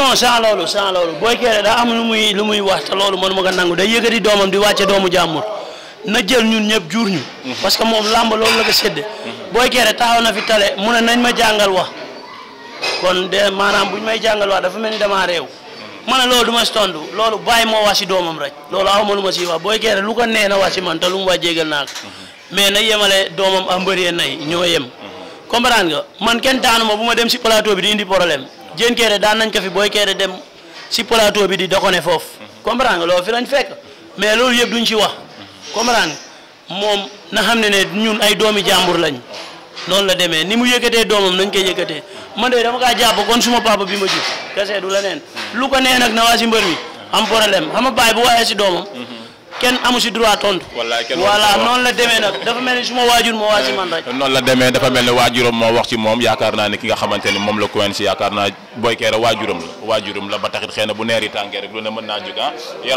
non sans loolu sans loolu Boy Kéré daa am lu muy lu muy wax te loolu man ma ko nangu day yëkkati doomam di wàcce doomu jàmbur na jël ñun ñëpp jur ñu. Mhm. parce que moom làmb loolu la ko séddee. Mhm. Boy Kéré taxaw na fi tale mu ne nañ ma jàngal wax kon de maanaam buñ may jàngal wax dafa mel ni damaa réew. Mhm. ma ne loolu du ma si tontu loolu bàyyi moo wax si doomam rek loolu aw ma lu ma siy wax Boy Kéré lu ko nee na wax si man lu mu wax jégal naa ko na yemale doomam am mbëri nay ñoo yem. comprendre jën keere daan nañ ko fi booy keere dem si plateau bi di dokone foofu comprendre nga loolu fi lañ fekk mais loolu yëpp duñ si wax comprendre nga moom na xam ne ne ñun ay doomi jàmbur lañ noonu la demee ni mu yëkkatee doomam nañ koy yëkkatee man de dama kaa jàpp kon suma papa bi ma jur kese du la neen lu ko nee nag na waa si mbër mi am problème xam a baay bu waxee si doomam mhm. kenn amu si droit tontu. wallaay kenn noonu la demee nag dafa mel ni suma waajur moo waa si man rek. noonu la demee dafa mel ne waajuram moo wax ci moom yaakaar naa ne ki nga xamante ni moom la Quench si yaakaar naa Boy Kairé waajuram la waajuram la ba taxit xëy na bu neer yi tàngee rek lu ne mën naa jóg ah.